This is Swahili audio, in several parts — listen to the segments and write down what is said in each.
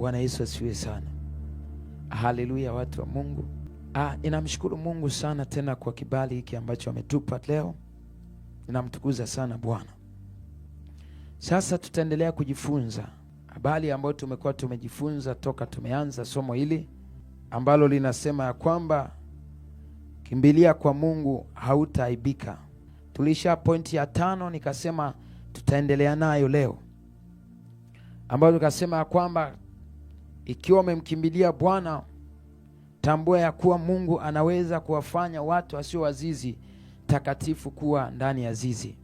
Bwana Yesu asifiwe sana. Haleluya, watu wa Mungu. Ah, ninamshukuru Mungu sana tena kwa kibali hiki ambacho ametupa leo. Ninamtukuza sana Bwana. Sasa tutaendelea kujifunza habari ambayo tumekuwa tumejifunza toka tumeanza somo hili ambalo linasema ya kwamba kimbilia kwa Mungu hautaaibika. Tulisha pointi ya tano nikasema tutaendelea nayo leo, ambayo tukasema ya kwamba ikiwa umemkimbilia Bwana, tambua ya kuwa Mungu anaweza kuwafanya watu wasio wazizi takatifu kuwa ndani ya zizi.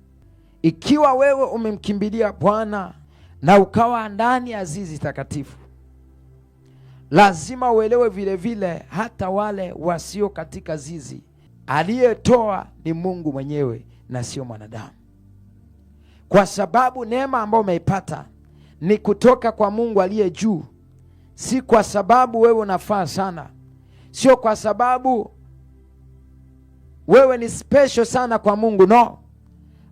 Ikiwa wewe umemkimbilia Bwana na ukawa ndani ya zizi takatifu, lazima uelewe vile vile hata wale wasio katika zizi, aliyetoa ni Mungu mwenyewe na sio mwanadamu, kwa sababu neema ambayo umeipata ni kutoka kwa Mungu aliye juu si kwa sababu wewe unafaa sana, sio kwa sababu wewe ni special sana kwa Mungu, no,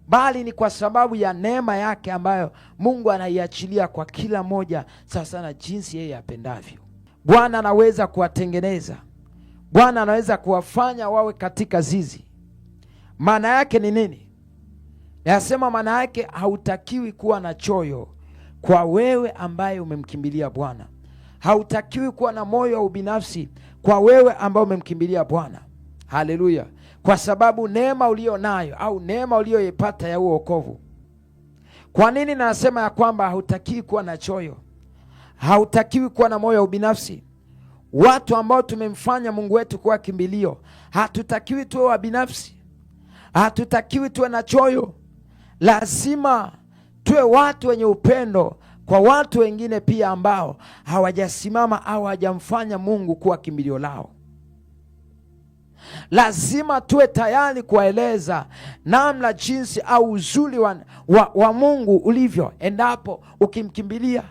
bali ni kwa sababu ya neema yake ambayo Mungu anaiachilia kwa kila moja, sasa na jinsi yeye apendavyo. Bwana anaweza kuwatengeneza, Bwana anaweza kuwafanya wawe katika zizi. Maana yake ni nini? nayasema maana yake hautakiwi kuwa na choyo kwa wewe ambaye umemkimbilia Bwana. Hautakiwi kuwa na moyo wa ubinafsi kwa wewe ambao umemkimbilia Bwana. Haleluya! Kwa sababu neema ulio nayo au neema uliyoipata ya uokovu. Kwa nini nasema ya kwamba hautakiwi kuwa na choyo, hautakiwi kuwa na moyo wa ubinafsi? Watu ambao tumemfanya Mungu wetu kuwa kimbilio, hatutakiwi tuwe wa binafsi hatutakiwi tuwe na choyo. Lazima tuwe watu wenye upendo kwa watu wengine pia ambao hawajasimama au hawajamfanya Mungu kuwa kimbilio lao. Lazima tuwe tayari kuwaeleza namna jinsi au uzuri wa, wa, wa Mungu ulivyo endapo ukimkimbilia.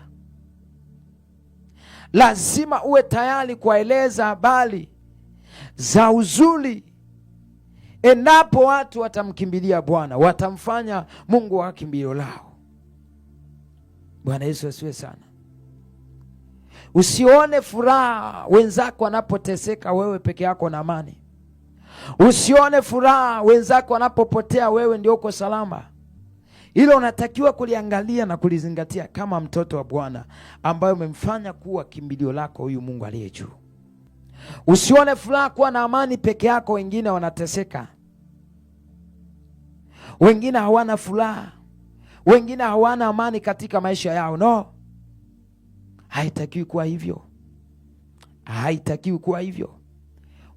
Lazima uwe tayari kuwaeleza habari za uzuri endapo watu watamkimbilia Bwana, watamfanya Mungu wa kimbilio lao. Bwana Yesu asiwe sana. Usione furaha wenzako wanapoteseka, wewe peke yako na amani. Usione furaha wenzako wanapopotea, wewe ndio uko salama. Hilo unatakiwa kuliangalia na kulizingatia kama mtoto wa Bwana ambaye umemfanya kuwa kimbilio lako huyu Mungu aliye juu. Usione furaha kuwa na amani peke yako, wengine wanateseka, wengine hawana furaha. Wengine hawana amani katika maisha yao. No, haitakiwi kuwa hivyo, haitakiwi kuwa hivyo.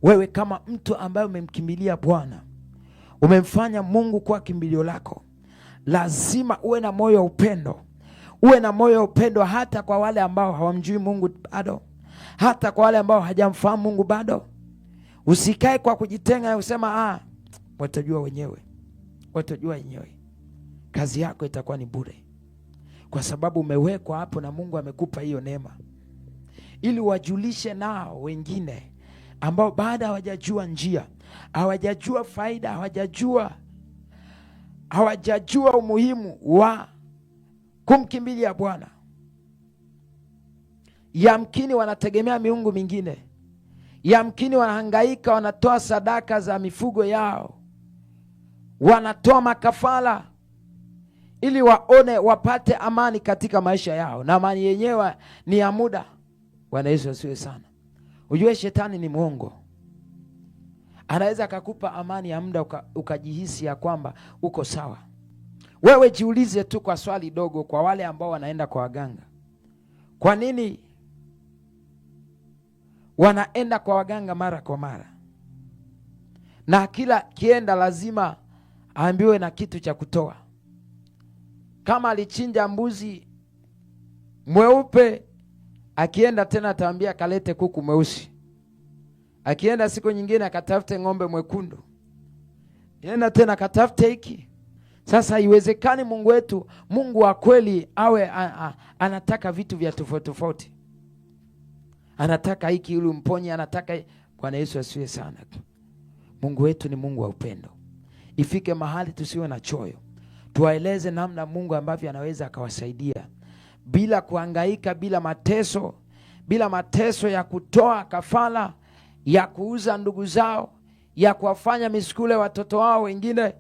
Wewe kama mtu ambaye umemkimbilia Bwana, umemfanya Mungu kuwa kimbilio lako, lazima uwe na moyo wa upendo, uwe na moyo wa upendo hata kwa wale ambao hawamjui Mungu bado, hata kwa wale ambao hajamfahamu Mungu bado. Usikae kwa kujitenga usema ah, watajua wenyewe, watajua wenyewe kazi yako itakuwa ni bure, kwa sababu umewekwa hapo na Mungu amekupa hiyo neema, ili wajulishe nao wengine ambao baada hawajajua njia, hawajajua faida, hawajajua hawajajua umuhimu wa kumkimbilia Bwana. Yamkini wanategemea miungu mingine, yamkini wanahangaika, wanatoa sadaka za mifugo yao, wanatoa makafala ili waone wapate amani katika maisha yao, na amani yenyewe ni ya muda. Bwana Yesu asiwe sana. Ujue shetani ni mwongo, anaweza akakupa amani ya muda uka, ukajihisi ya kwamba uko sawa. Wewe jiulize tu kwa swali dogo, kwa wale ambao wanaenda kwa waganga, kwa nini wanaenda kwa waganga mara kwa mara, na kila kienda lazima aambiwe na kitu cha kutoa kama alichinja mbuzi mweupe, akienda tena ataambia kalete kuku mweusi, akienda siku nyingine akatafute ng'ombe mwekundu, enda tena akatafute hiki. Sasa haiwezekani Mungu wetu, Mungu wa kweli awe a, a, anataka vitu vya tofauti tofauti, anataka hiki ili mponye anataka Bwana Yesu asiwe sana. Mungu wetu ni Mungu wa upendo, ifike mahali tusiwe na choyo tuwaeleze namna Mungu ambavyo anaweza akawasaidia bila kuangaika, bila mateso, bila mateso ya kutoa kafala, ya kuuza ndugu zao, ya kuwafanya misukule watoto wao, wengine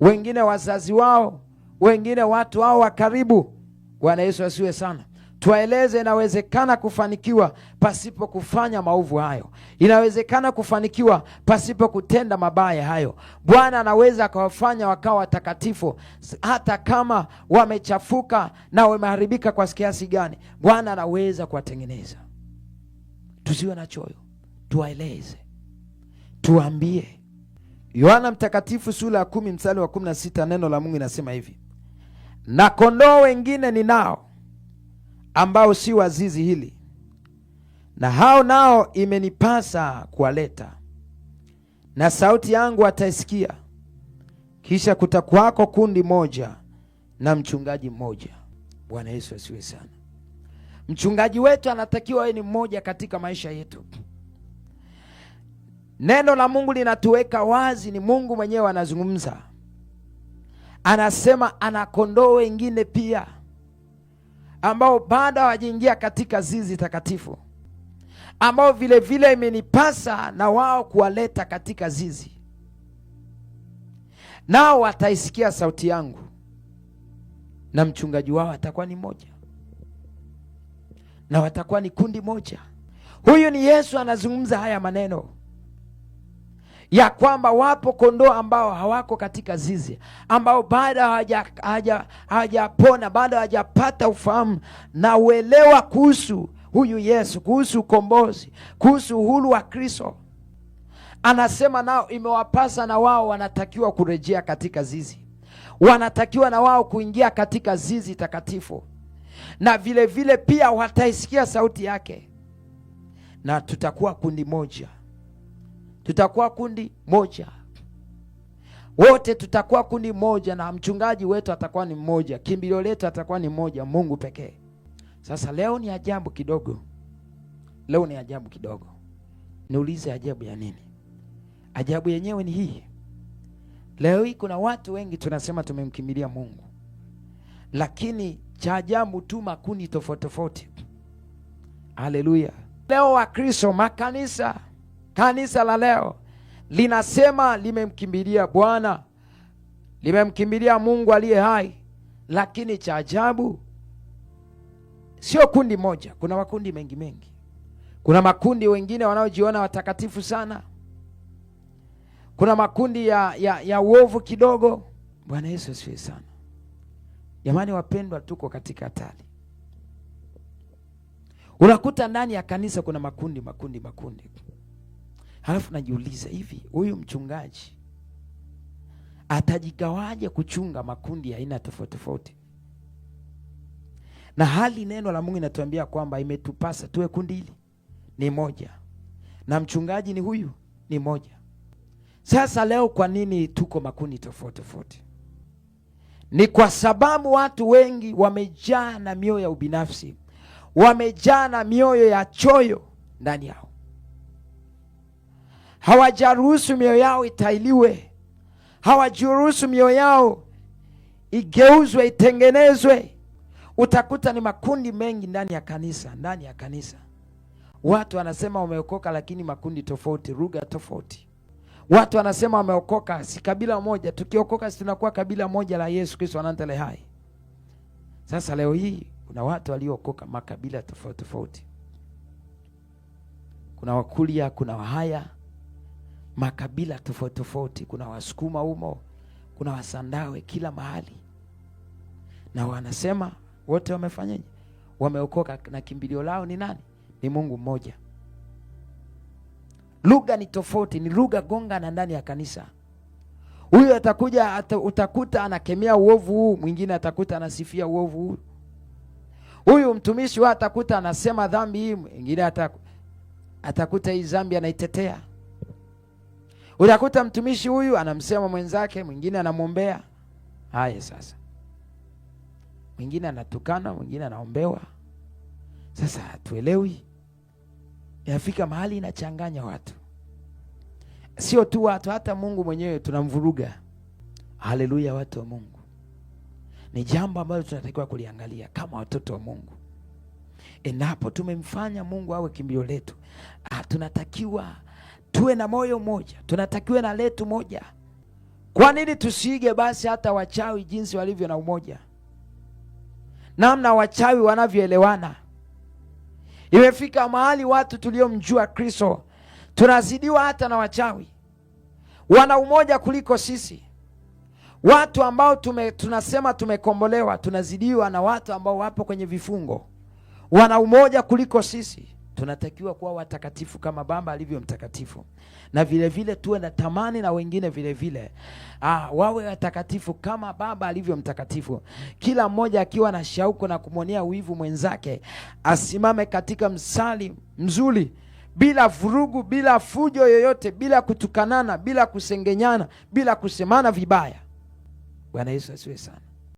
wengine wazazi wao, wengine watu wao wa karibu. Bwana Yesu asiwe sana Tuwaeleze inawezekana kufanikiwa pasipo kufanya maovu hayo, inawezekana kufanikiwa pasipo kutenda mabaya hayo. Bwana anaweza akawafanya wakawa watakatifu hata kama wamechafuka na wameharibika kwa kiasi gani, Bwana anaweza kuwatengeneza. Tusiwe na choyo, tuwaeleze, tuwambie Yohana Mtakatifu sura ya kumi mstari wa kumi na sita neno la Mungu inasema hivi, na kondoo wengine ninao ambao si wazizi hili, na hao nao imenipasa kuwaleta, na sauti yangu ataisikia. Kisha kutakuwako kundi moja na mchungaji mmoja. Bwana Yesu asiwe sana. Mchungaji wetu anatakiwa awe ni mmoja katika maisha yetu. Neno la Mungu linatuweka wazi, ni Mungu mwenyewe anazungumza, anasema ana kondoo wengine pia ambao bado hawajaingia katika zizi takatifu, ambao vile vile imenipasa na wao kuwaleta katika zizi, nao wataisikia sauti yangu na mchungaji wao atakuwa ni moja na watakuwa ni kundi moja. Huyu ni Yesu anazungumza haya maneno ya kwamba wapo kondoo ambao hawako katika zizi, ambao bado hawajapona, bado hawajapata ufahamu na uelewa kuhusu huyu Yesu, kuhusu ukombozi, kuhusu uhuru wa Kristo. Anasema nao imewapasa na wao wanatakiwa kurejea katika zizi, wanatakiwa na wao kuingia katika zizi takatifu, na vilevile vile pia wataisikia sauti yake na tutakuwa kundi moja tutakuwa kundi moja, wote tutakuwa kundi moja, na mchungaji wetu atakuwa ni mmoja, kimbilio letu atakuwa ni mmoja, Mungu pekee. Sasa leo ni ajabu kidogo, leo ni ajabu kidogo. Niulize, ajabu ya nini? Ajabu yenyewe ni hii. Leo hii kuna watu wengi tunasema tumemkimbilia Mungu, lakini cha ajabu tu makundi tofauti tofauti. Haleluya! Leo Wakristo makanisa Kanisa la leo linasema limemkimbilia Bwana, limemkimbilia Mungu aliye hai, lakini cha ajabu sio kundi moja, kuna makundi mengi mengi. Kuna makundi wengine wanaojiona watakatifu sana, kuna makundi ya, ya, ya uovu kidogo. Bwana Yesu asifiwe sana. Jamani wapendwa, tuko katika hatari. Unakuta ndani ya kanisa kuna makundi makundi makundi. Halafu najiuliza hivi, huyu mchungaji atajigawaje kuchunga makundi ya aina tofauti tofauti, na hali neno la Mungu inatuambia kwamba imetupasa tuwe kundi hili ni moja na mchungaji ni huyu ni moja. Sasa leo kwa nini tuko makundi tofauti tofauti? Ni kwa sababu watu wengi wamejaa na mioyo ya ubinafsi, wamejaa na mioyo ya choyo ndani yao. Hawajaruhusu mioyo yao itailiwe, hawajaruhusu mioyo yao igeuzwe, itengenezwe. Utakuta ni makundi mengi ndani ya kanisa, ndani ya kanisa watu wanasema wameokoka, lakini makundi tofauti, rugha tofauti. Watu wanasema wameokoka, si kabila moja. Tukiokoka si tunakuwa kabila moja la Yesu Kristo anantele hai. Sasa leo hii kuna watu waliookoka makabila tofauti tofauti, kuna wakulia kuna Wahaya makabila tofauti tofauti. Kuna Wasukuma humo, kuna Wasandawe, kila mahali, na wanasema wote wamefanyaje? Wameokoka, na kimbilio lao ni nani? Ni Mungu mmoja. Lugha ni tofauti, ni lugha gonga na ndani ya kanisa. Huyu atakuja ata, utakuta anakemea uovu huu, mwingine atakuta anasifia uovu huu. Huyu mtumishi wa atakuta anasema dhambi hii, mwingine atakuta hii dhambi anaitetea. Utakuta mtumishi huyu anamsema mwenzake, mwingine anamwombea. Haya sasa, mwingine anatukana, mwingine anaombewa. Sasa hatuelewi, inafika mahali inachanganya watu, sio tu watu, hata Mungu mwenyewe tunamvuruga. Haleluya, watu wa Mungu, ni jambo ambalo tunatakiwa kuliangalia kama watoto wa Mungu. Endapo tumemfanya Mungu awe kimbio letu, ah, tunatakiwa tuwe na moyo mmoja, tunatakiwa na letu moja. Kwa nini tusiige basi hata wachawi jinsi walivyo na umoja, namna wachawi wanavyoelewana? Imefika mahali watu tuliomjua Kristo tunazidiwa hata na wachawi, wana umoja kuliko sisi. Watu ambao tume, tunasema tumekombolewa tunazidiwa na watu ambao wapo kwenye vifungo, wana umoja kuliko sisi tunatakiwa kuwa watakatifu kama Baba alivyo mtakatifu, na vile vile tuwe na tamani na wengine vile vile ah, wawe watakatifu kama Baba alivyo mtakatifu, kila mmoja akiwa na shauku na kumwonea wivu mwenzake, asimame katika msali mzuri bila vurugu, bila fujo yoyote, bila kutukanana, bila kusengenyana, bila kusemana vibaya. Bwana Yesu asiwe sana